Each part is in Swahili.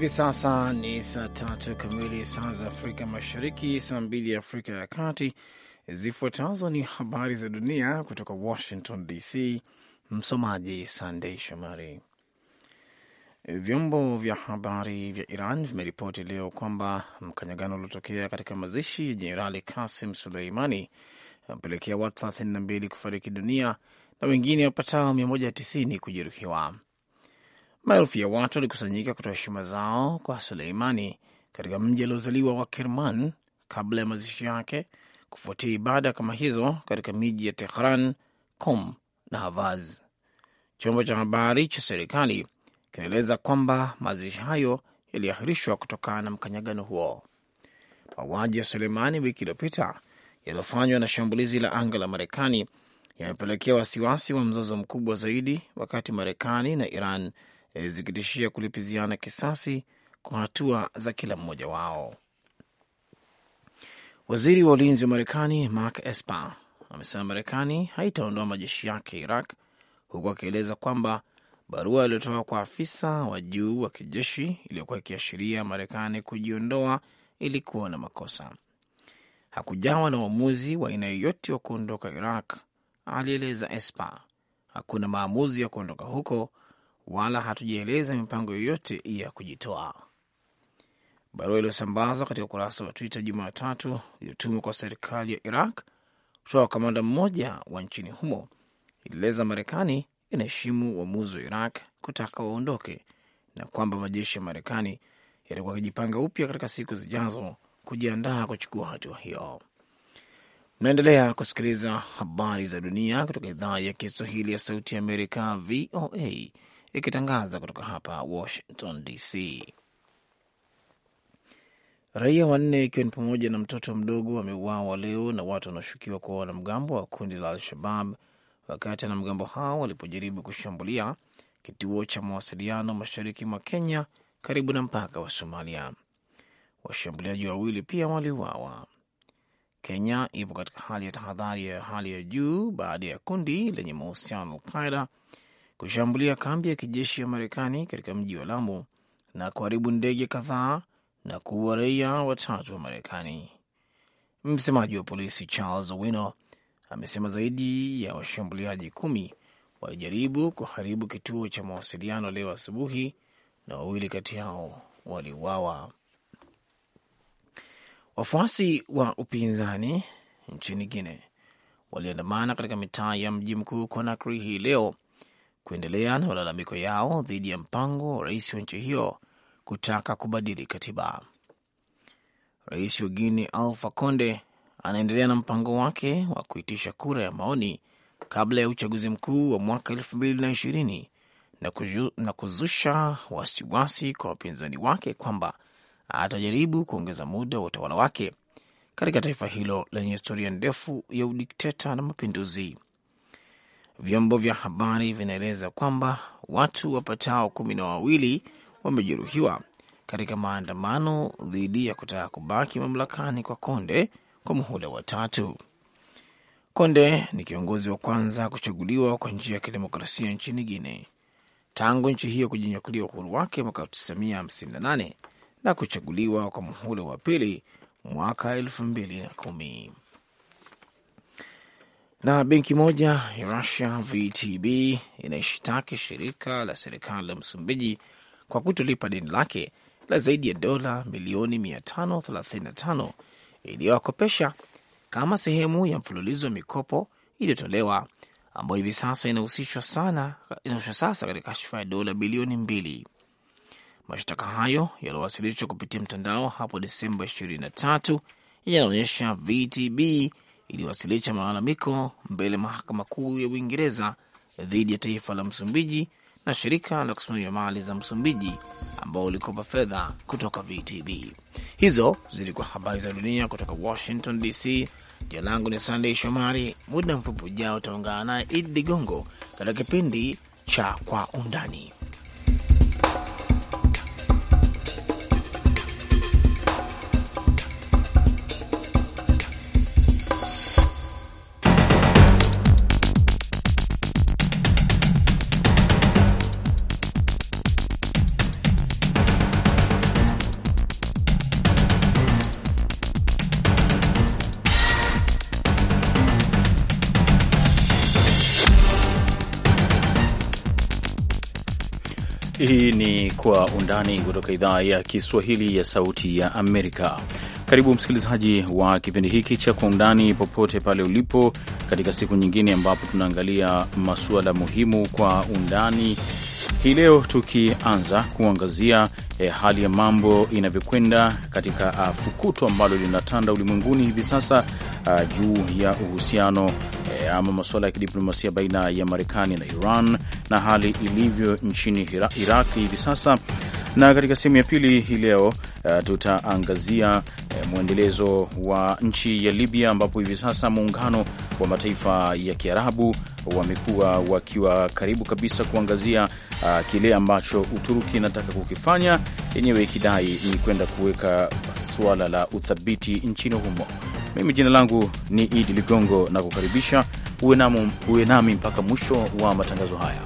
Hivi sasa ni saa tatu kamili saa za Afrika Mashariki, saa mbili Afrika ya Kati. Zifuatazo ni habari za dunia kutoka Washington DC. Msomaji Sandei Shomari. Vyombo vya habari vya Iran vimeripoti leo kwamba mkanyagano uliotokea katika mazishi ya Jenerali Kasim Suleimani amepelekea watu 32 kufariki dunia na wengine wapatao 190 kujeruhiwa. Maelfu ya watu walikusanyika kutoa heshima zao kwa Suleimani katika mji aliozaliwa wa Kerman kabla ya mazishi yake, kufuatia ibada kama hizo katika miji ya Tehran, Qom na Havaz. Chombo cha habari cha serikali kinaeleza kwamba mazishi hayo yaliahirishwa kutokana na mkanyagano huo. Mauaji ya Suleimani wiki iliyopita yaliyofanywa na shambulizi la anga la Marekani yamepelekea wasiwasi wa mzozo mkubwa zaidi, wakati Marekani na Iran Eh, zikitishia kulipiziana kisasi kwa hatua za kila mmoja wao. Waziri wa ulinzi wa Marekani Mark Esper amesema Marekani haitaondoa majeshi yake Iraq, huku akieleza kwamba barua iliyotoka kwa afisa wa juu wa kijeshi iliyokuwa ikiashiria Marekani kujiondoa ilikuwa na makosa. Hakujawa na uamuzi wa aina yoyote wa kuondoka Iraq, alieleza Esper. Hakuna maamuzi ya kuondoka huko wala hatujaeleza mipango yoyote ya kujitoa. Barua iliyosambazwa katika ukurasa wa Twitter Jumatatu iliyotumwa kwa serikali ya Iraq kutoka kamanda mmoja wa nchini humo ilieleza Marekani inaheshimu uamuzi wa Iraq kutaka waondoke na kwamba majeshi ya Marekani yatakuwa akijipanga upya katika siku zijazo kujiandaa kuchukua hatua hiyo. Mnaendelea kusikiliza habari za dunia kutoka idhaa ya Kiswahili ya Sauti ya Amerika, VOA, ikitangaza kutoka hapa Washington DC. Raia wanne ikiwa ni pamoja na mtoto mdogo wameuawa leo na watu wanaoshukiwa kuwa wanamgambo wa kundi la Al-Shabab wakati wanamgambo hao walipojaribu kushambulia kituo cha mawasiliano mashariki mwa Kenya karibu na mpaka wa Somalia. Washambuliaji wawili pia waliuawa. Kenya ipo katika hali ya tahadhari ya hali ya juu baada ya kundi lenye mahusiano Alqaida kushambulia kambi ya kijeshi ya Marekani katika mji wa Lamu na kuharibu ndege kadhaa na kuua raia watatu wa Marekani. Msemaji wa polisi Charles Owino amesema zaidi ya washambuliaji kumi walijaribu kuharibu kituo cha mawasiliano leo asubuhi na wawili kati yao waliuawa. Wafuasi wa upinzani nchini Guine waliandamana katika mitaa ya mji mkuu Conakry hii leo kuendelea na malalamiko yao dhidi ya mpango wa rais wa nchi hiyo kutaka kubadili katiba. Rais wa guine alfa Conde anaendelea na mpango wake wa kuitisha kura ya maoni kabla ya uchaguzi mkuu wa mwaka elfu mbili na ishirini na kuzusha wasiwasi kwa wapinzani wake kwamba atajaribu kuongeza muda wa utawala wake katika taifa hilo lenye historia ndefu ya udikteta na mapinduzi. Vyombo vya habari vinaeleza kwamba watu wapatao kumi na wawili wamejeruhiwa katika maandamano dhidi ya kutaka kubaki mamlakani kwa Konde kwa muhula wa tatu. Konde ni kiongozi wa kwanza kuchaguliwa kwa njia ya kidemokrasia nchini Guine tangu nchi hiyo kujinyakulia uhuru wake mwaka 1958 na kuchaguliwa kwa muhula wa pili mwaka 2010. Na benki moja ya Russia VTB inaishitaki shirika la serikali la Msumbiji kwa kutolipa deni lake la zaidi ya dola milioni 535 iliyowakopesha kama sehemu ya mfululizo wa mikopo iliyotolewa ambayo hivi sasa inahusishwa sana inahusishwa sasa katika kashfa ya dola bilioni mbili. Mashtaka hayo yaliyowasilishwa kupitia mtandao hapo Desemba 23 yanaonyesha VTB iliwasilisha malalamiko mbele mahakama kuu ya Uingereza dhidi ya taifa la Msumbiji na shirika la kusimamia mali za Msumbiji ambao ulikopa fedha kutoka VTB. Hizo zilikuwa habari za dunia kutoka Washington DC. Jina langu ni Sandey Shomari. Muda mfupi ujao utaungana naye Idi Ligongo katika kipindi cha Kwa Undani. kwa undani kutoka idhaa ya Kiswahili ya Sauti ya Amerika. Karibu msikilizaji wa kipindi hiki cha Kwa Undani popote pale ulipo, katika siku nyingine ambapo tunaangalia masuala muhimu kwa undani hii leo tukianza kuangazia eh, hali ya mambo inavyokwenda katika ah, fukuto ambalo linatanda ulimwenguni hivi sasa ah, juu ya uhusiano eh, ama masuala ya kidiplomasia baina ya Marekani na Iran na hali ilivyo nchini Iraq hivi sasa na katika sehemu ya pili hii leo uh, tutaangazia uh, mwendelezo wa nchi ya Libya ambapo hivi sasa muungano wa mataifa ya Kiarabu wamekuwa wakiwa karibu kabisa kuangazia uh, kile ambacho Uturuki inataka kukifanya, yenyewe ikidai ni kwenda kuweka suala la uthabiti nchini humo. Mimi jina langu ni Idi Ligongo na kukaribisha uwe nami mpaka mwisho wa matangazo haya.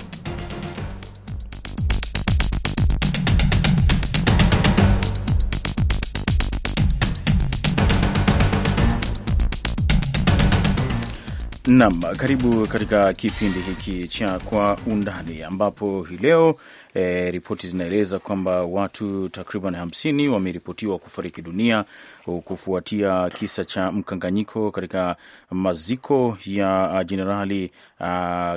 nam karibu katika kipindi hiki cha Kwa Undani ambapo hii leo E, ripoti zinaeleza kwamba watu takriban hamsini wameripotiwa kufariki dunia uh, kufuatia kisa cha mkanganyiko katika maziko ya uh, Jenerali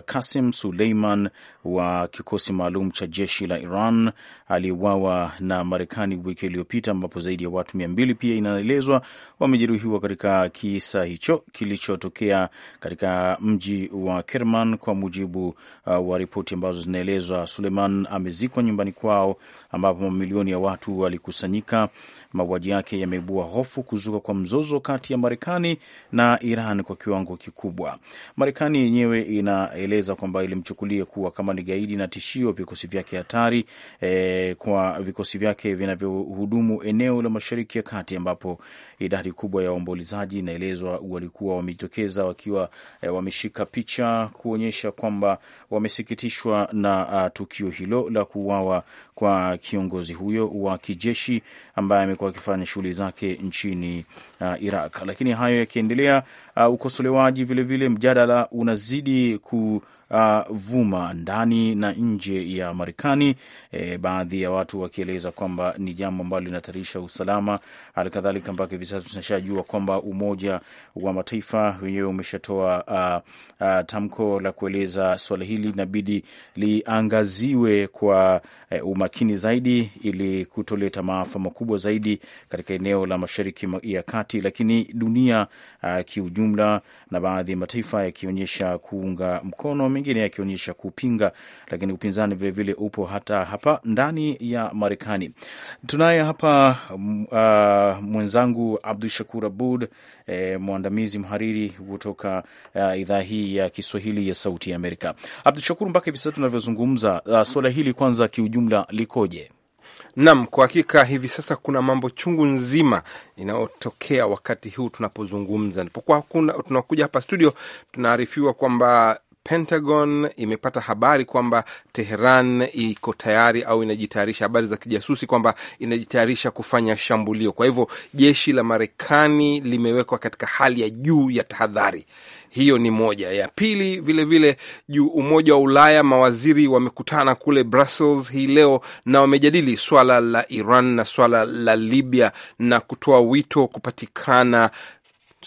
Kasim uh, Suleiman wa kikosi maalum cha jeshi la Iran aliyeuawa na Marekani wiki iliyopita, ambapo zaidi ya watu mia mbili pia inaelezwa wamejeruhiwa katika kisa hicho kilichotokea katika mji wa Kerman, kwa mujibu uh, wa ripoti ambazo zinaelezwa Suleiman wamezikwa nyumbani kwao, ambapo mamilioni ya watu walikusanyika Mauaji yake yameibua hofu kuzuka kwa mzozo kati ya Marekani na Iran kwa kiwango kikubwa. Marekani yenyewe inaeleza kwamba ilimchukulia kuwa kama ni gaidi na tishio vikosi vyake hatari e, kwa vikosi vyake vinavyohudumu eneo la Mashariki ya Kati, ambapo idadi kubwa ya waombolezaji inaelezwa walikuwa wamejitokeza wakiwa e, wameshika picha kuonyesha kwamba wamesikitishwa na a, tukio hilo la kuuawa kwa kiongozi huyo wa kijeshi ambaye amekuwa alikuwa akifanya shughuli zake nchini uh, Iraq. Lakini hayo yakiendelea, uh, ukosolewaji vilevile, mjadala unazidi ku uh, vuma ndani na nje ya Marekani, e, baadhi ya watu wakieleza kwamba ni jambo ambalo linatarisha usalama. kadhalika mpaka hivi sasa tunashajua kwamba Umoja wa Mataifa wenyewe umeshatoa uh, uh, tamko la kueleza suala hili inabidi liangaziwe kwa uh, umakini zaidi ili kutoleta maafa makubwa zaidi katika eneo la Mashariki ya Kati, lakini dunia uh, kiujumla na baadhi ya mataifa yakionyesha kuunga mkono mengine yakionyesha kupinga, lakini upinzani vilevile vile upo hata hapa ndani ya Marekani. Tunaye hapa mm, uh, mwenzangu Abdu Shakur Abud eh, mwandamizi mhariri kutoka uh, idhaa hii ya Kiswahili ya Sauti ya Amerika. Abdu Shakur, mpaka hivi sasa tunavyozungumza, uh, suala hili kwanza kiujumla likoje? Nam, kwa hakika hivi sasa kuna mambo chungu nzima inayotokea wakati huu tunapozungumza. Tunakuja hapa studio, tunaarifiwa kwamba Pentagon imepata habari kwamba Teheran iko tayari au inajitayarisha, habari za kijasusi kwamba inajitayarisha kufanya shambulio. Kwa hivyo jeshi la Marekani limewekwa katika hali ya juu ya tahadhari. Hiyo ni moja ya pili. Vilevile juu Umoja wa Ulaya, mawaziri wamekutana kule Brussels hii leo na wamejadili swala la Iran na swala la Libya na kutoa wito kupatikana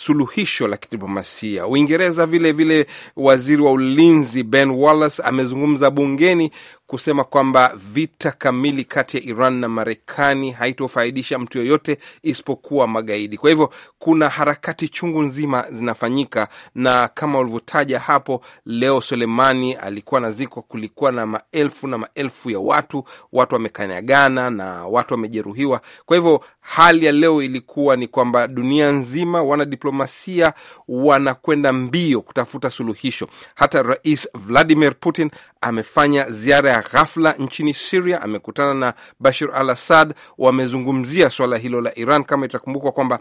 suluhisho la kidiplomasia. Uingereza vilevile, waziri wa ulinzi Ben Wallace amezungumza bungeni kusema kwamba vita kamili kati ya Iran na Marekani haitofaidisha mtu yoyote isipokuwa magaidi. Kwa hivyo kuna harakati chungu nzima zinafanyika, na kama ulivyotaja hapo, leo solemani alikuwa nazikwa, kulikuwa na maelfu na maelfu ya watu, watu wamekanyagana na watu wamejeruhiwa. Kwa hivyo hali ya leo ilikuwa ni kwamba dunia nzima, wanadiplomasia wanakwenda mbio kutafuta suluhisho. Hata Rais Vladimir Putin amefanya ziara ya ghafla nchini Siria amekutana na Bashir al Assad. Wamezungumzia suala hilo la Iran, kama itakumbukwa kwamba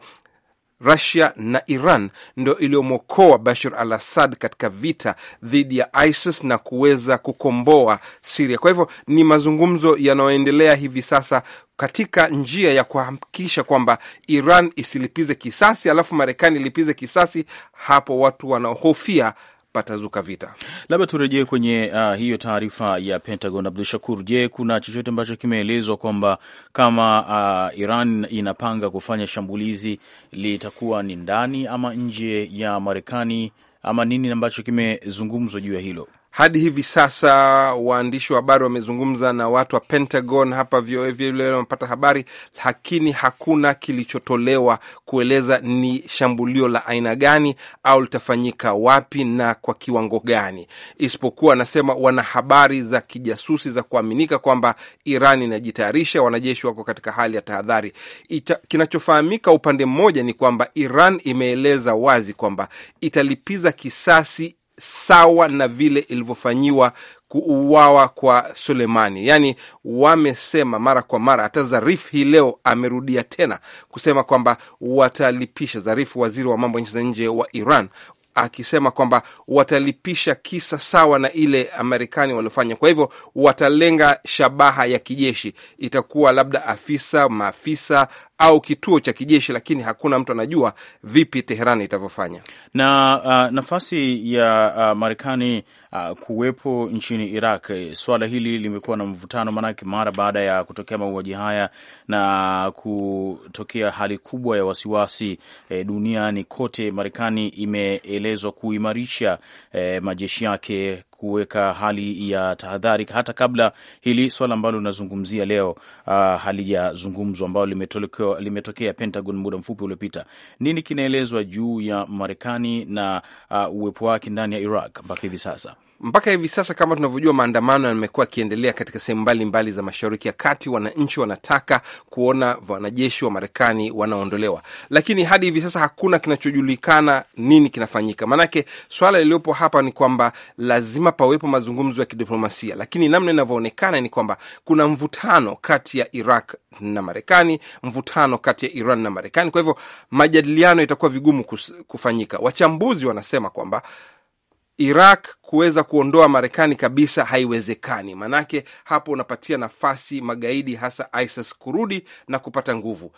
Rusia na Iran ndo iliyomwokoa Bashir al Assad katika vita dhidi ya ISIS na kuweza kukomboa Siria. Kwa hivyo ni mazungumzo yanayoendelea hivi sasa katika njia ya kuhakikisha kwamba Iran isilipize kisasi alafu Marekani ilipize kisasi. Hapo watu wanaohofia patazuka vita. Labda turejee kwenye uh, hiyo taarifa ya Pentagon. Abdu Shakur, je, kuna chochote ambacho kimeelezwa kwamba kama uh, Iran inapanga kufanya shambulizi litakuwa ni ndani ama nje ya Marekani ama nini ambacho kimezungumzwa juu ya hilo? hadi hivi sasa waandishi wa habari wamezungumza na watu wa Pentagon hapa VOA vile wamepata habari, lakini hakuna kilichotolewa kueleza ni shambulio la aina gani au litafanyika wapi na kwa kiwango gani, isipokuwa anasema wana habari za kijasusi za kuaminika kwamba Iran inajitayarisha, wanajeshi wako katika hali ya tahadhari. Kinachofahamika upande mmoja ni kwamba Iran imeeleza wazi kwamba italipiza kisasi sawa na vile ilivyofanyiwa kuuawa kwa sulemani Yaani wamesema mara kwa mara, hata Zarif hii leo amerudia tena kusema kwamba watalipisha. Zarif, waziri wa mambo ya nchi za nje wa Iran, akisema kwamba watalipisha kisa sawa na ile Marekani waliofanya. Kwa hivyo watalenga shabaha ya kijeshi, itakuwa labda afisa, maafisa au kituo cha kijeshi, lakini hakuna mtu anajua vipi Teherani itavyofanya. Na uh, nafasi ya uh, Marekani uh, kuwepo nchini Iraq. Eh, swala hili limekuwa na mvutano, maanake mara baada ya kutokea mauaji haya na kutokea hali kubwa ya wasiwasi eh, duniani kote, Marekani imeelezwa kuimarisha eh, majeshi yake kuweka hali ya tahadhari hata kabla hili swala ambalo linazungumzia leo uh, halijazungumzwa ambalo limetokea, limetokea Pentagon muda mfupi uliopita. Nini kinaelezwa juu ya Marekani na uh, uwepo wake ndani ya Iraq mpaka hivi sasa? Mpaka hivi sasa, kama tunavyojua, maandamano yamekuwa yakiendelea katika sehemu mbalimbali za Mashariki ya Kati. Wananchi wanataka kuona wanajeshi wa Marekani wanaondolewa, lakini hadi hivi sasa hakuna kinachojulikana nini kinafanyika. Maanake swala liliyopo hapa ni kwamba lazima pawepo mazungumzo ya kidiplomasia, lakini namna inavyoonekana ni kwamba kuna mvutano kati ya Iraq na Marekani, mvutano kati ya Iran na Marekani. Kwa hivyo majadiliano itakuwa vigumu kufanyika. Wachambuzi wanasema kwamba Iraq kuweza kuondoa Marekani kabisa haiwezekani, maanake hapo unapatia nafasi magaidi hasa ISIS kurudi na kupata nguvu.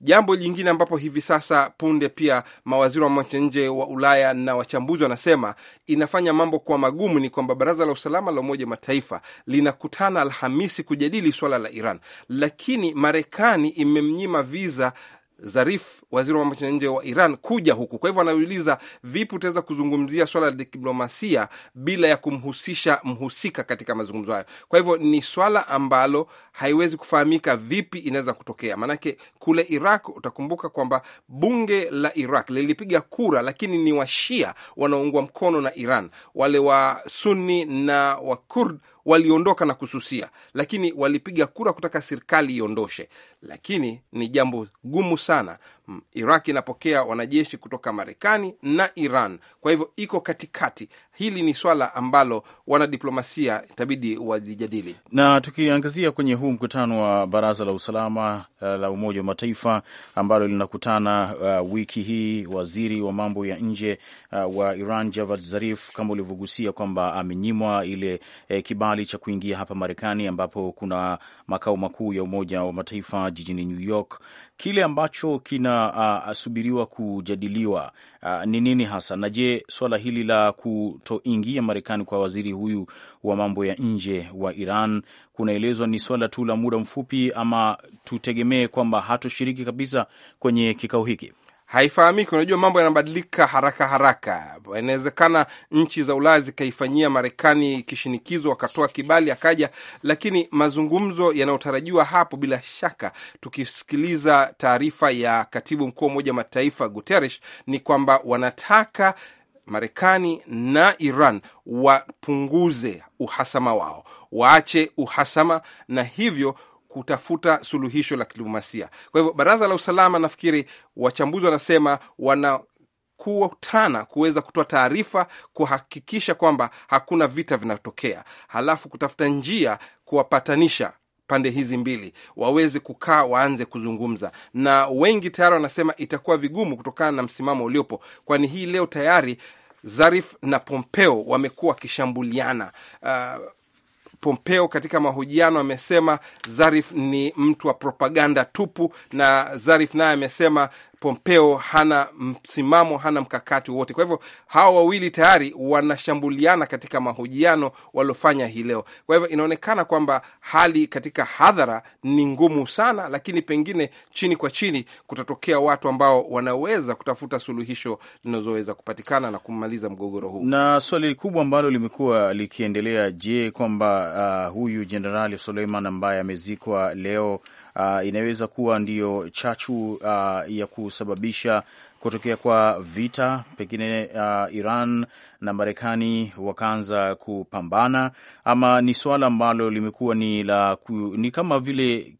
Jambo jingine ambapo hivi sasa punde pia mawaziri wa mambo nje wa Ulaya na wachambuzi wanasema inafanya mambo kuwa magumu ni kwamba Baraza la Usalama la Umoja Mataifa linakutana Alhamisi kujadili swala la Iran, lakini Marekani imemnyima viza Zarif, waziri wa mambo ya nje wa Iran, kuja huku. Kwa hivyo anauliza, vipi utaweza kuzungumzia swala la diplomasia bila ya kumhusisha mhusika katika mazungumzo hayo? Kwa hivyo ni swala ambalo haiwezi kufahamika vipi inaweza kutokea, maanake kule Iraq utakumbuka kwamba bunge la Iraq lilipiga kura, lakini ni washia wanaoungwa mkono na Iran, wale wa Sunni na Wakurd waliondoka na kususia, lakini walipiga kura kutaka serikali iondoshe, lakini ni jambo gumu sana Iraq inapokea wanajeshi kutoka Marekani na Iran, kwa hivyo iko katikati. Hili ni swala ambalo wanadiplomasia itabidi walijadili. Na tukiangazia kwenye huu mkutano wa Baraza la Usalama eh, la Umoja wa Mataifa ambalo linakutana uh, wiki hii, waziri wa mambo ya nje uh, wa Iran Javad Zarif, kama ulivyogusia kwamba amenyimwa ile eh, kibali cha kuingia hapa Marekani ambapo kuna makao makuu ya Umoja wa Mataifa jijini New York kile ambacho kinasubiriwa uh, kujadiliwa ni uh, nini hasa? Na je, swala hili la kutoingia Marekani kwa waziri huyu wa mambo ya nje wa Iran kunaelezwa ni swala tu la muda mfupi, ama tutegemee kwamba hatoshiriki kabisa kwenye kikao hiki? haifahamiki. Unajua, mambo yanabadilika haraka haraka. Inawezekana nchi za Ulaya zikaifanyia Marekani kishinikizo, wakatoa kibali akaja, lakini mazungumzo yanayotarajiwa hapo, bila shaka, tukisikiliza taarifa ya katibu mkuu wa Umoja Mataifa Guterres, ni kwamba wanataka Marekani na Iran wapunguze uhasama wao, waache uhasama na hivyo kutafuta suluhisho la kidiplomasia. Kwa hivyo baraza la usalama, nafikiri wachambuzi wanasema wana kutana kuweza kutoa taarifa kuhakikisha kwamba hakuna vita vinatokea, halafu kutafuta njia kuwapatanisha pande hizi mbili waweze kukaa waanze kuzungumza. Na wengi tayari wanasema itakuwa vigumu kutokana na msimamo uliopo, kwani hii leo tayari Zarif na Pompeo wamekuwa wakishambuliana. Uh, Pompeo katika mahojiano amesema Zarif ni mtu wa propaganda tupu, na Zarif naye amesema Pompeo hana msimamo, hana mkakati wowote. Kwa hivyo hawa wawili tayari wanashambuliana katika mahojiano waliofanya hii leo. Kwa hivyo inaonekana kwamba hali katika hadhara ni ngumu sana, lakini pengine chini kwa chini kutatokea watu ambao wanaweza kutafuta suluhisho linazoweza kupatikana na kumaliza mgogoro huu. Na swali kubwa ambalo limekuwa likiendelea, je, kwamba uh, huyu Jenerali Suleiman ambaye amezikwa leo uh, inaweza kuwa ndiyo chachu uh, ya kusababisha kutokea kwa vita pengine, uh, Iran na Marekani wakaanza kupambana, ama ni swala ambalo limekuwa ni la ku, ni kama vile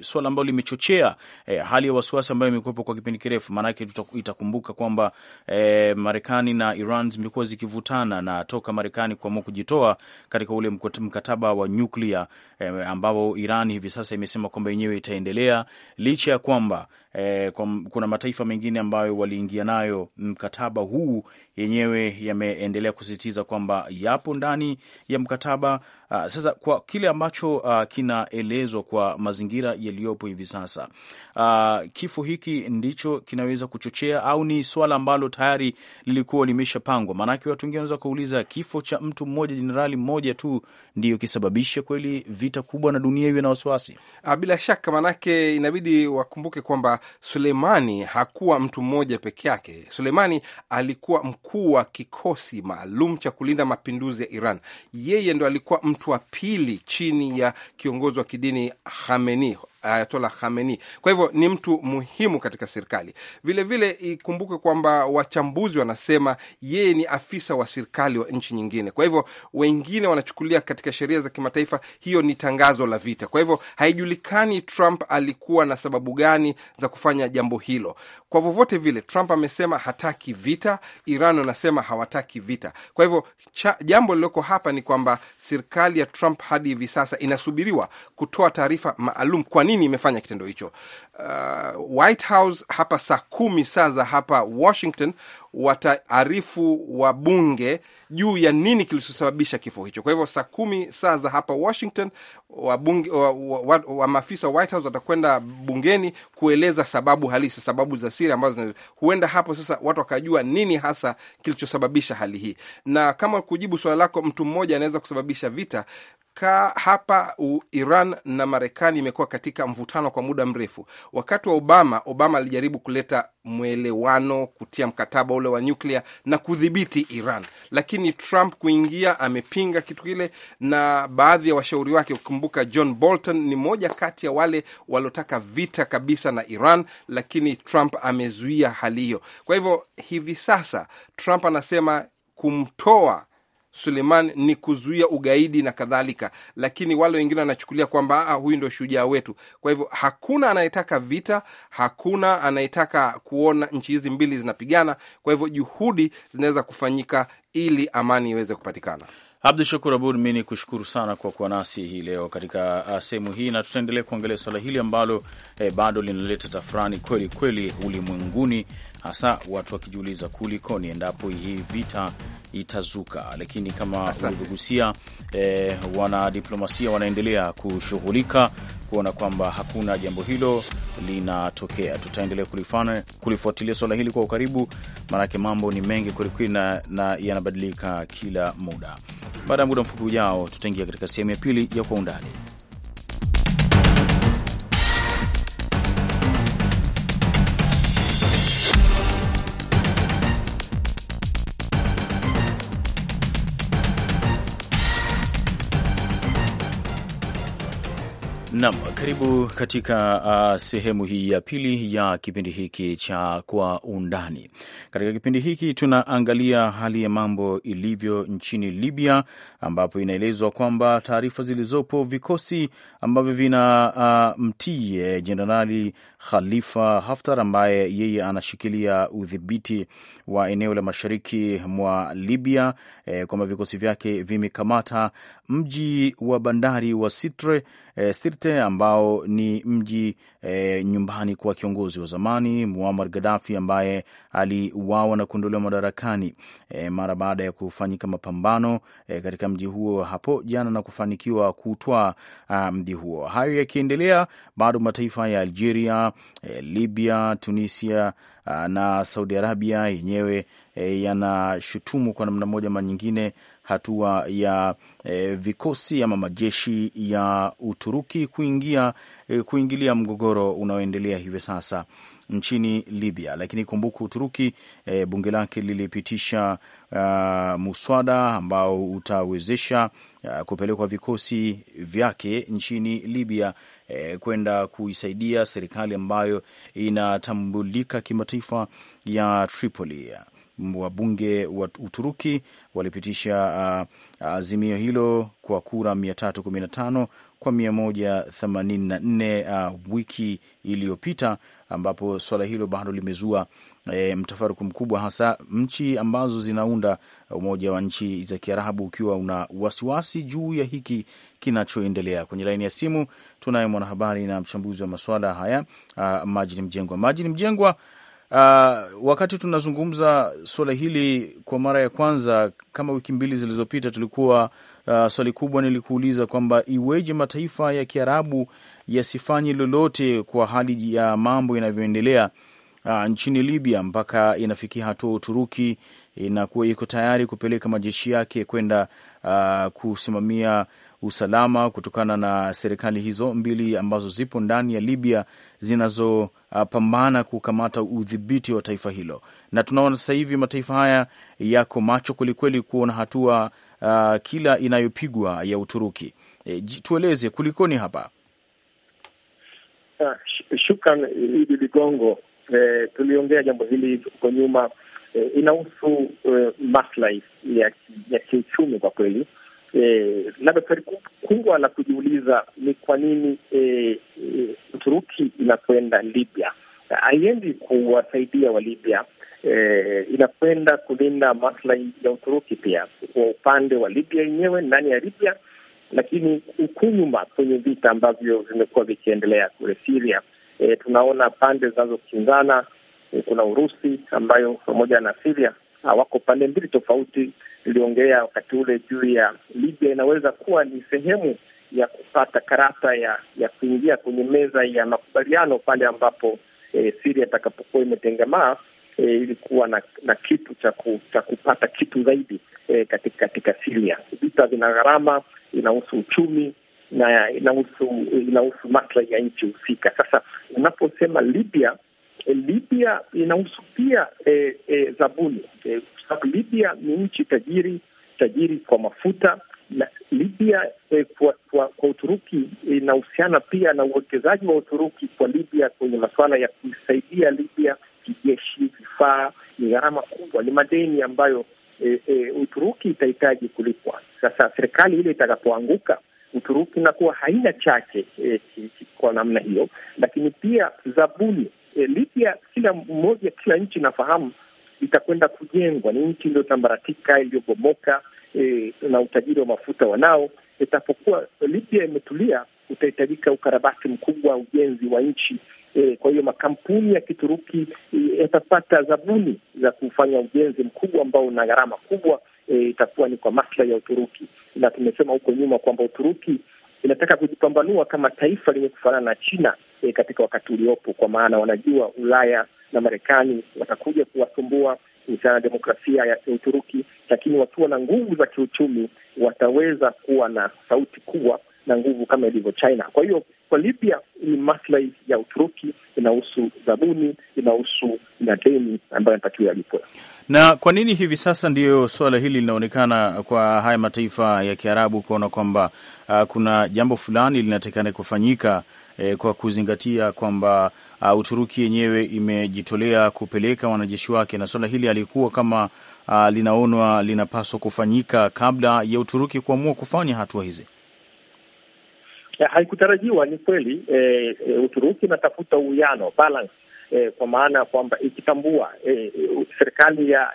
swala ambalo limechochea eh, hali ya wasiwasi ambayo imekuwepo kwa kipindi kirefu. Maanake itakumbuka kwamba eh, Marekani na Iran zimekuwa zikivutana na toka Marekani kuamua kujitoa katika ule mkataba wa nyuklia eh, ambao Iran hivi sasa imesema kwamba yenyewe itaendelea licha ya kwamba eh, kuna mataifa mengine ambayo waliingia nayo mkataba huu yenyewe yameendelea kusisitiza kwamba yapo ndani ya mkataba. Uh, sasa kwa kile ambacho uh, kinaelezwa kwa mazingira yaliyopo hivi sasa, uh, kifo hiki ndicho kinaweza kuchochea au ni swala ambalo tayari lilikuwa limeshapangwa? Maanake watu wengine wanaweza kuuliza, kifo cha mtu mmoja, jenerali mmoja tu ndiyo kisababisha kweli vita kubwa na dunia iwe na wasiwasi? Bila shaka, maanake inabidi wakumbuke kwamba Suleimani hakuwa mtu mmoja peke yake. Suleimani alikuwa mkuu wa kikosi maalum cha kulinda mapinduzi ya Iran. Yeye ndo alikuwa mtu wa pili chini ya kiongozi wa kidini Khamenei Ayatola Khamenei. Kwa hivyo ni mtu muhimu katika serikali. Vilevile ikumbuke kwamba wachambuzi wanasema yeye ni afisa wa serikali wa nchi nyingine. Kwa hivyo wengine wanachukulia katika sheria za kimataifa hiyo ni tangazo la vita. Kwa hivyo haijulikani Trump alikuwa na sababu gani za kufanya jambo hilo. Kwa vyovyote vile, Trump amesema hataki vita, Iran wanasema hawataki vita. Kwa hivyo jambo lililoko hapa ni kwamba serikali ya Trump hadi hivi sasa inasubiriwa kutoa taarifa maalum nini imefanya kitendo hicho. Uh, White House hapa saa kumi saa za hapa Washington wataarifu wa bunge juu ya nini kilichosababisha kifo hicho. Kwa hivyo saa kumi saa za hapa Washington, wabunge wa, wa, wa, wa maafisa wa White House watakwenda bungeni kueleza sababu halisi, sababu za siri ambazo huenda hapo sasa watu wakajua nini hasa kilichosababisha hali hii. Na kama kujibu suala lako, mtu mmoja anaweza kusababisha vita Ka hapa u Iran na Marekani imekuwa katika mvutano kwa muda mrefu. Wakati wa Obama, Obama alijaribu kuleta mwelewano, kutia mkataba ule wa nyuklia na kudhibiti Iran. Lakini Trump kuingia, amepinga kitu kile, na baadhi ya washauri wake, ukikumbuka John Bolton ni mmoja kati ya wale waliotaka vita kabisa na Iran, lakini Trump amezuia hali hiyo. Kwa hivyo hivi sasa Trump anasema kumtoa Suleiman ni kuzuia ugaidi na kadhalika, lakini wale wengine wanachukulia kwamba ah, huyu ndio shujaa wetu. Kwa hivyo hakuna anayetaka vita, hakuna anayetaka kuona nchi hizi mbili zinapigana. Kwa hivyo juhudi zinaweza kufanyika ili amani iweze kupatikana. Abdu Shakur Abud, mi ni kushukuru sana kwa kuwa nasi hii leo katika ah, sehemu hii, na tutaendelea kuongelea swala hili ambalo eh, bado linaleta tafurani kweli kweli ulimwenguni, hasa watu wakijiuliza kulikoni endapo hii vita itazuka. Lakini kama ulivyogusia, eh, wanadiplomasia wanaendelea kushughulika kuona kwamba hakuna jambo hilo linatokea. Tutaendelea kulifuatilia suala hili kwa ukaribu, maanake mambo ni mengi kwelikweli na, na yanabadilika kila muda. Baada ya muda mfupi ujao, tutaingia katika sehemu ya pili ya Kwa Undani. Nam, karibu katika uh, sehemu hii ya pili ya kipindi hiki cha Kwa Undani. Katika kipindi hiki tunaangalia hali ya mambo ilivyo nchini Libya, ambapo inaelezwa kwamba taarifa zilizopo, vikosi ambavyo vina uh, mtii eh, Jenerali Khalifa Haftar ambaye yeye anashikilia udhibiti wa eneo la mashariki mwa Libya, eh, kwamba vikosi vyake vimekamata mji wa bandari wa Sitre, eh, Sirte ambao ni mji e, nyumbani kwa kiongozi wa zamani Muammar Gaddafi ambaye aliuawa na kuondolewa madarakani e, mara baada ya kufanyika mapambano e, katika mji huo hapo jana na kufanikiwa kutwaa ah, mji huo. Hayo yakiendelea, bado mataifa ya Algeria, e, Libya, Tunisia a, ah, na Saudi Arabia yenyewe e, yanashutumu kwa namna moja ama nyingine hatua ya e, vikosi ama majeshi ya Uturuki kuingia e, kuingilia mgogoro unaoendelea hivi sasa nchini Libya. Lakini kumbuka Uturuki e, bunge lake lilipitisha uh, muswada ambao utawezesha uh, kupelekwa vikosi vyake nchini Libya e, kwenda kuisaidia serikali ambayo inatambulika kimataifa ya Tripoli wabunge wa Uturuki walipitisha uh, azimio hilo kwa kura 315 kwa 184 uh, wiki iliyopita, ambapo swala hilo bado limezua e, mtafaruku mkubwa, hasa nchi ambazo zinaunda Umoja wa Nchi za Kiarabu ukiwa una wasiwasi juu ya hiki kinachoendelea. Kwenye laini ya simu tunaye mwanahabari na mchambuzi wa masuala haya uh, Majini Mjengwa. Majini Mjengwa, Uh, wakati tunazungumza suala hili kwa mara ya kwanza kama wiki mbili zilizopita, tulikuwa uh, swali kubwa nilikuuliza kwamba iweje mataifa ya Kiarabu yasifanye lolote kwa hali ya mambo inavyoendelea uh, nchini Libya mpaka inafikia hatua Uturuki inakuwa iko tayari kupeleka majeshi yake kwenda uh, kusimamia usalama kutokana na serikali hizo mbili ambazo zipo ndani ya Libya zinazopambana uh, kukamata udhibiti wa taifa hilo, na tunaona sasa hivi mataifa haya yako macho kwelikweli kuona hatua uh, kila inayopigwa ya Uturuki. E, tueleze kulikoni hapa. Ah, shukran Idi Ligongo. E, tuliongea jambo hili huko nyuma eh, inahusu eh, maslahi ya, ya kiuchumi kwa kweli. Eh, labda swali kubwa la kujiuliza ni kwa nini eh, eh, Uturuki inakwenda Libya, haiendi kuwasaidia wa Libya eh, inakwenda kulinda maslahi ya Uturuki pia kwa upande wa Libya yenyewe ndani ya Libya, lakini huku nyuma kwenye vita ambavyo vimekuwa vikiendelea kule siria e, eh, tunaona pande zinazokinzana kuna Urusi ambayo pamoja na Siria wako pande mbili tofauti. Iliongea wakati ule juu ya Libya inaweza kuwa ni sehemu ya kupata karata ya ya kuingia kwenye meza ya makubaliano pale ambapo e, Siria itakapokuwa imetengemaa. E, kuwa na na kitu cha ku, cha kupata kitu zaidi e, katika katika Siria. Vita vina gharama, inahusu uchumi na inahusu inahusu maslahi ya nchi husika. Sasa unaposema Libya Eh, Libya inahusu pia e, e, zabuni e, sababu Libya ni nchi tajiri tajiri kwa mafuta na Libya e, kwa, kwa, kwa Uturuki inahusiana pia na uwekezaji wa Uturuki kwa Libya kwenye masuala ya kuisaidia Libya kijeshi, vifaa. Ni gharama kubwa, ni madeni ambayo e, e, Uturuki itahitaji kulipwa. Sasa serikali ile itakapoanguka Uturuki inakuwa haina chache e, kwa namna hiyo, lakini pia zabuni e, Libya kila mmoja, kila nchi inafahamu itakwenda kujengwa. Ni nchi iliyotambaratika iliyobomoka, e, na utajiri wa mafuta wanao. Itapokuwa Libya imetulia, utahitajika ukarabati mkubwa, ujenzi wa nchi e, kwa hiyo makampuni ya Kituruki yatapata e, zabuni za kufanya ujenzi mkubwa ambao una gharama kubwa. E, itakuwa ni kwa maslahi ya Uturuki, na tumesema huko nyuma kwamba Uturuki inataka kujipambanua kama taifa lenye kufanana na China e, katika wakati uliopo, kwa maana wanajua Ulaya na Marekani watakuja kuwasumbua kuhusiana na demokrasia ya Uturuki, lakini wakiwa na nguvu za kiuchumi wataweza kuwa na sauti kubwa na nguvu kama ilivyo China. Kwa hiyo kwa Libya ni maslahi ya Uturuki, inahusu zabuni, inahusu na deni ambayo anatakiwa yalipwe. Na kwa nini hivi sasa ndiyo suala hili linaonekana kwa haya mataifa ya Kiarabu kuona kwamba uh, kuna jambo fulani linatakikana kufanyika eh, kwa kuzingatia kwamba uh, Uturuki yenyewe imejitolea kupeleka wanajeshi wake, na suala hili alikuwa kama uh, linaonwa linapaswa kufanyika kabla ya Uturuki kuamua kufanya hatua hizi eh, haikutarajiwa. Ni kweli eh, eh, Uturuki inatafuta uwiano balance eh, kwa maana ya kwamba ikitambua eh, serikali ya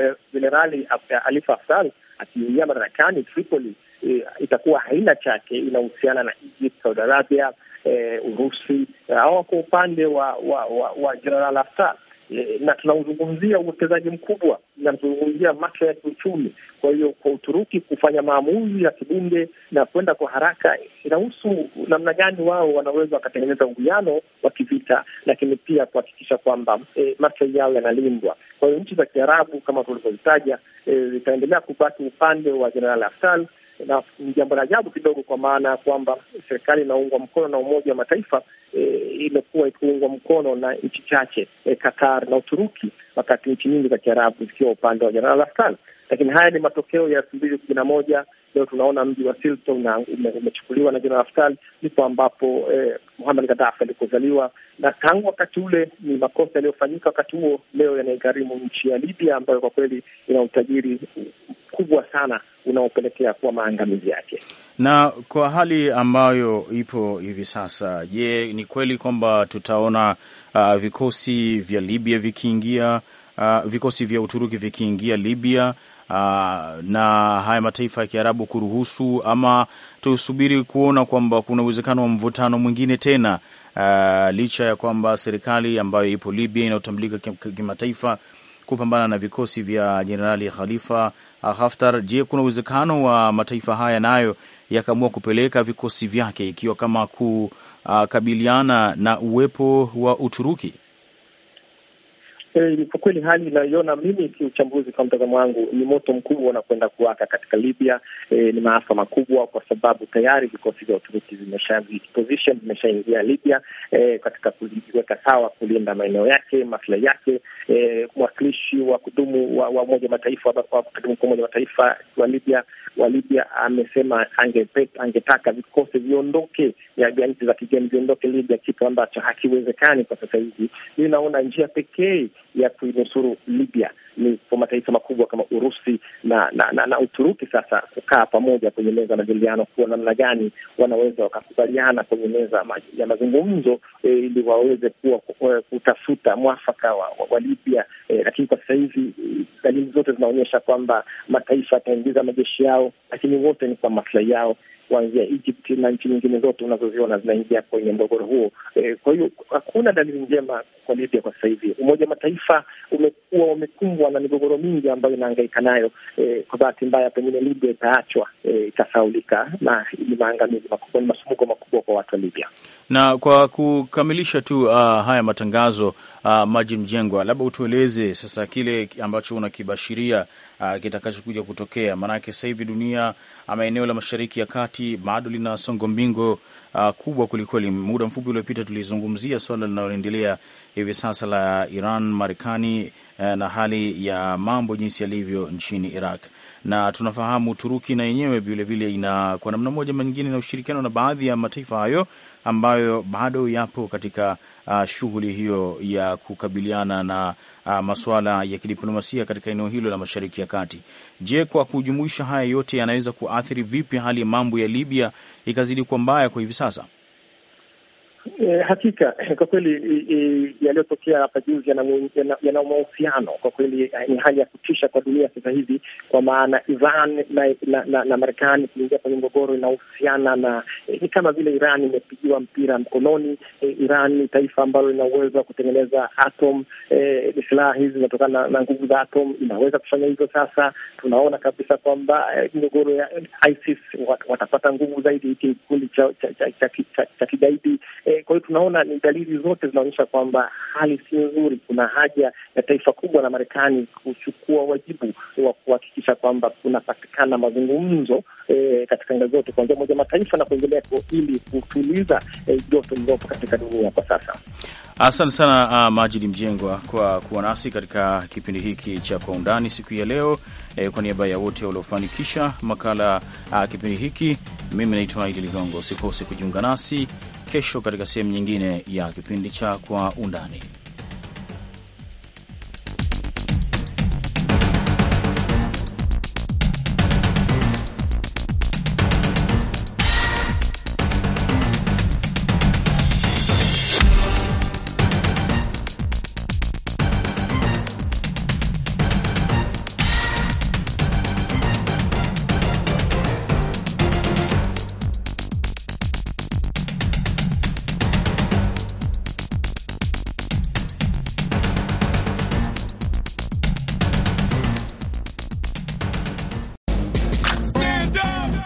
eh, jenerali ya, eh, Alifa Khalifa Haftar akiingia madarakani Tripoli eh, itakuwa haina chake, inahusiana na Egypt, Saudi Arabia, eh, Urusi eh, au eh, kwa upande wa wa, wa, jenerali Haftar Eh, na tunauzungumzia uwekezaji mkubwa, tunazungumzia maslahi ya kiuchumi. Kwa hiyo, kwa Uturuki kufanya maamuzi ya kibunge na kwenda kwa haraka, inahusu namna gani wao wanaweza wakatengeneza uwiano wa kivita, lakini pia kuhakikisha kwamba e, eh, maslahi yao yanalindwa. Kwa hiyo, nchi za Kiarabu kama tulivyozitaja eh, zitaendelea e, kubaki upande wa Jenerali Haftar na ni jambo la ajabu kidogo, kwa maana ya kwamba serikali inaungwa mkono na Umoja wa Mataifa e, imekuwa ikiungwa mkono na nchi chache e, Qatar na Uturuki, wakati nchi nyingi za Kiarabu zikiwa upande wa jenerali la Lakini haya ni matokeo ya elfu mbili kumi na moja. Leo tunaona mji wa Sirte umechukuliwa na jenerali Haftar, ndipo ambapo eh, Muhammad Gaddafi alikozaliwa, na tangu wakati ule ni makosa yaliyofanyika wakati huo leo yanaigharimu nchi ya Libya ambayo kwa kweli ina utajiri mkubwa sana unaopelekea kuwa maangamizi yake. Na kwa hali ambayo ipo hivi sasa, je, ni kweli kwamba tutaona uh, vikosi vya Libya vikiingia uh, vikosi vya Uturuki vikiingia Libya uh, na haya mataifa ya Kiarabu kuruhusu ama tusubiri kuona kwamba kuna uwezekano wa mvutano mwingine tena, uh, licha ya kwamba serikali ambayo ipo Libya inayotambulika kimataifa kupambana na vikosi vya Jenerali Khalifa Haftar. Je, kuna uwezekano wa mataifa haya nayo yakaamua kupeleka vikosi vyake ikiwa kama kukabiliana na uwepo wa Uturuki? E, kwa kweli hali inayoiona mimi kiuchambuzi, kwa mtazamo wangu, ni moto mkubwa unakwenda kuwaka katika Libya. E, ni maafa makubwa, kwa sababu tayari vikosi vya Uturuki vimeshaposition vimeshaingia Libya e, katika kuweka sawa, kulinda maeneo yake, maslahi yake. E, mwakilishi wa kudumu wa Umoja Mataifa, katibu kwa Umoja Mataifa wa Libya wa Libya amesema angetaka vikosi viondoke vya nchi za kigeni viondoke Libya, kitu ambacho hakiwezekani kwa sasa hivi. Mi naona njia pekee ya kuinusuru Libya ni kwa mataifa makubwa kama Urusi na na, na na Uturuki sasa kukaa pamoja kwenye meza ya majadiliano, kuwa namna gani wanaweza wakakubaliana kwenye meza ya mazungumzo e, ili waweze kuwa e, kutafuta mwafaka wa, wa, wa Libya e, lakini kwa sasa hivi dalili zote zinaonyesha kwamba mataifa yataingiza majeshi yao, lakini wote ni kwa maslahi yao kuanzia Egypt na nchi nyingine zote unazoziona zinaingia kwenye mgogoro huo. E, kwa hiyo hakuna dalili njema kwa Libya kwa sasa hivi. Umoja wa Mataifa umekuwa umekumbwa na migogoro mingi ambayo inahangaika nayo. E, kwa bahati mbaya pengine Libya itaachwa e, itasaulika, na ni maangamizi makubwa, ni masumbuko makubwa kwa watu wa Libya. Na kwa kukamilisha tu uh, haya matangazo uh, Maji Mjengwa, labda utueleze sasa kile ambacho unakibashiria uh, kitakachokuja kutokea, maanake sasa hivi dunia ama eneo la Mashariki ya Kati wakati bado lina songo mbingo uh, kubwa kwelikweli. Muda mfupi uliopita tulizungumzia suala linaloendelea hivi sasa la Iran Marekani, uh, na hali ya mambo jinsi yalivyo nchini Iraq na tunafahamu Uturuki na yenyewe vilevile ina kwa namna moja manyingine na ushirikiano na baadhi ya mataifa hayo ambayo bado yapo katika uh, shughuli hiyo ya kukabiliana na uh, masuala ya kidiplomasia katika eneo hilo la Mashariki ya Kati. Je, kwa kujumuisha haya yote yanaweza kuathiri vipi hali ya mambo ya Libya ikazidi kuwa mbaya kwa hivi sasa? E, hakika eh, kwa kweli eh, yaliyotokea hapa juzi yana mahusiano kwa kweli. Ni hali ya kutisha kwa dunia sasa hivi, kwa maana Iran na, na, na, na Marekani kuingia kwenye mgogoro inahusiana na e, ni kama vile Iran imepigiwa mpira mkononi. E, Iran ni taifa ambalo lina uwezo wa kutengeneza atom. E, silaha hizi zinatokana na nguvu za atom, inaweza kufanya hivyo. Sasa tunaona kabisa kwamba e, mgogoro ya ISIS wat, watapata nguvu zaidi, hiki kikundi cha, cha, cha, cha, cha, cha kigaidi e, kwa hiyo tunaona ni dalili zote zinaonyesha kwamba hali si nzuri. Kuna haja ya taifa kubwa la Marekani kuchukua wajibu wa kuhakikisha kwamba kunapatikana mazungumzo e, katika ngazi zote kuanzia Umoja wa Mataifa na kuengeleko ili kutuliza e, joto e, katika dunia kwa sasa. Asante sana uh, Majidi Mjengwa kwa kuwa nasi katika kipindi hiki cha Kwa Undani siku ya leo. Eh, kwa niaba ya wote waliofanikisha makala uh, kipindi hiki, mimi naitwa Idi Ligongo. Usikose kujiunga nasi kesho katika sehemu nyingine ya kipindi cha Kwa Undani.